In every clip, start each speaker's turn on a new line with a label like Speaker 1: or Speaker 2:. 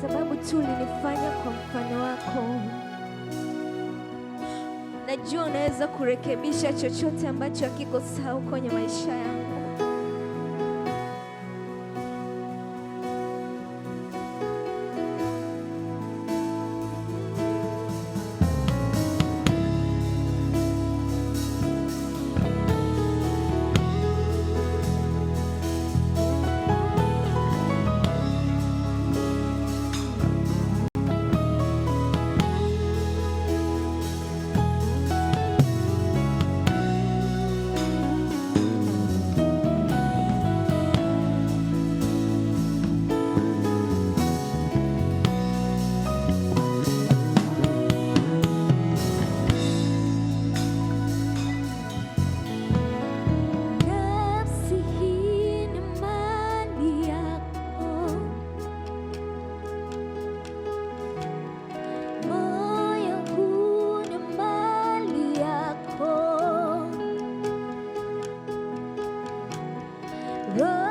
Speaker 1: sababu tu ulinifanya kwa mfano wako. Najua unaweza kurekebisha chochote ambacho hakiko sawa kwenye maisha yangu. 어.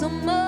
Speaker 2: so much.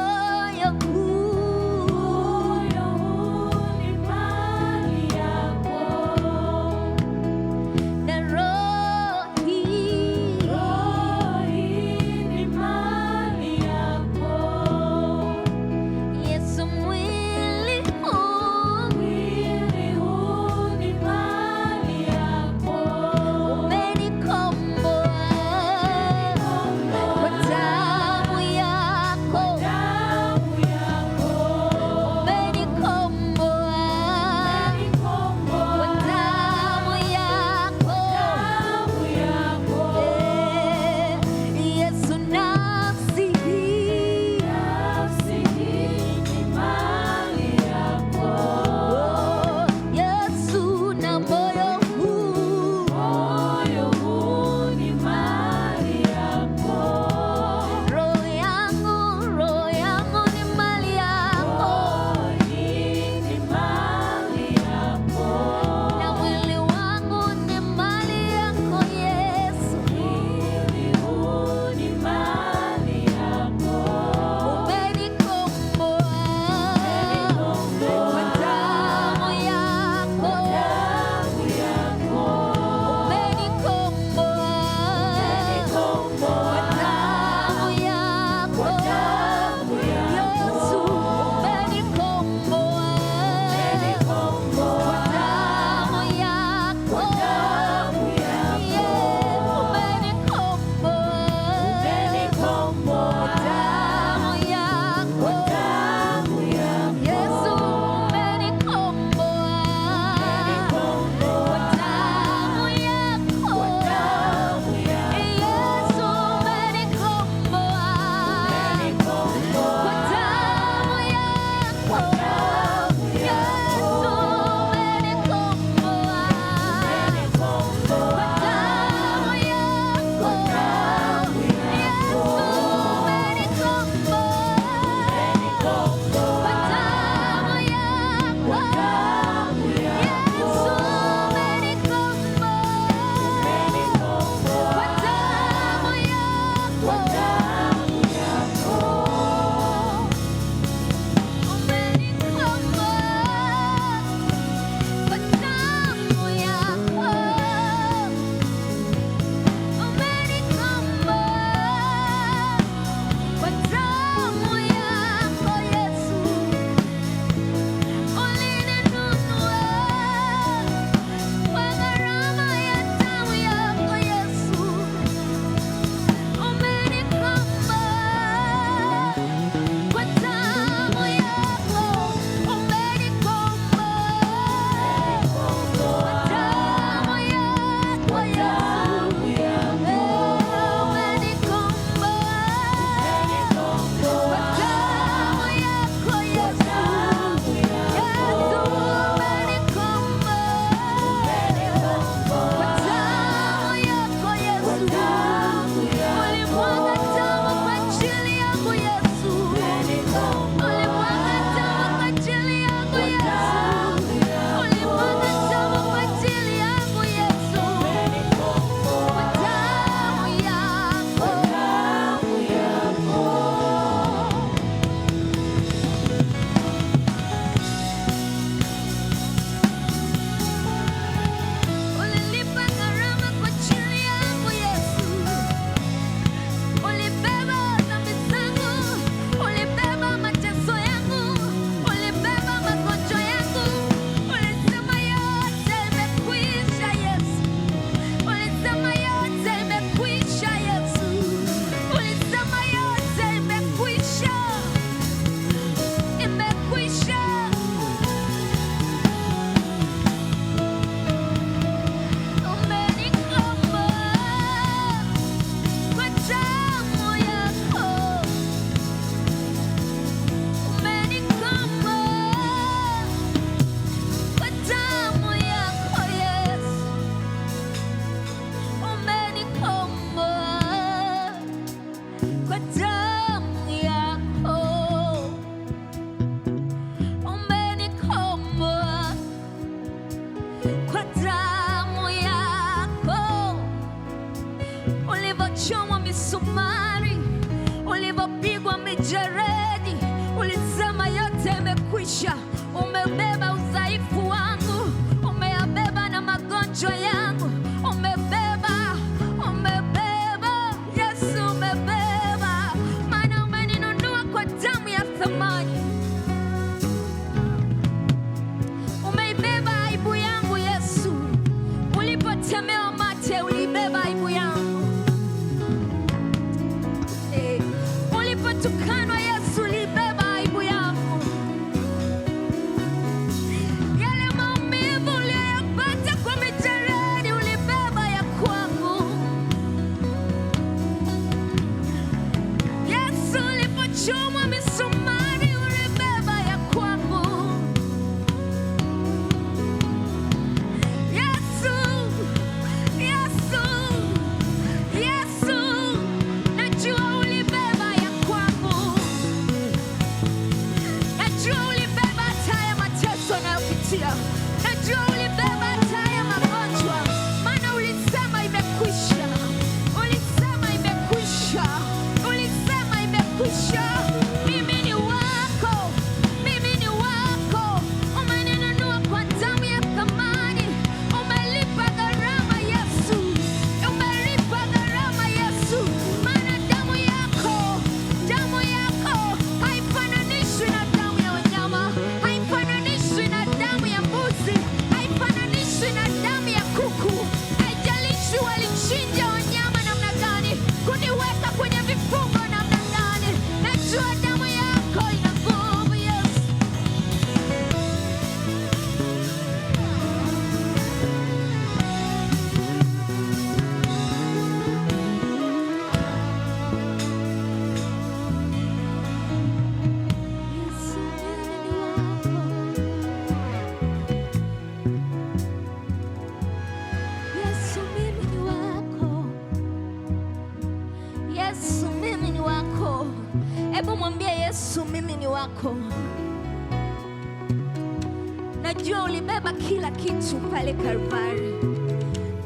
Speaker 2: kitu pale Kalvari.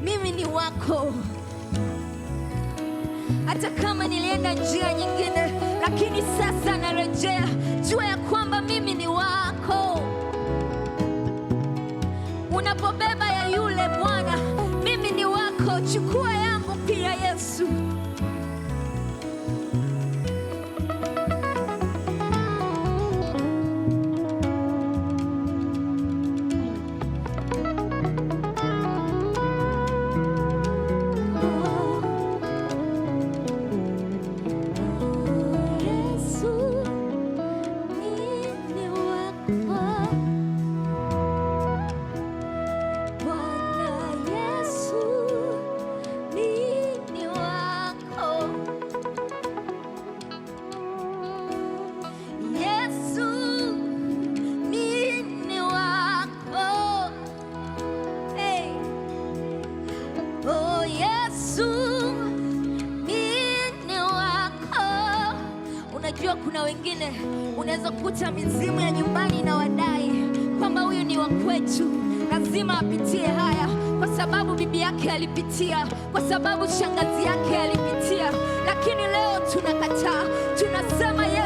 Speaker 2: Mimi ni wako, hata kama nilienda njia nyingine, lakini sasa narejea. Jua ya kwamba mimi ni wako, unapobeba Najua kuna wengine unaweza kukuta mizimu ya nyumbani na wadai kwamba huyu ni wa kwetu, lazima apitie haya, kwa sababu bibi yake alipitia, kwa sababu shangazi yake alipitia. Lakini leo tunakataa, tunasema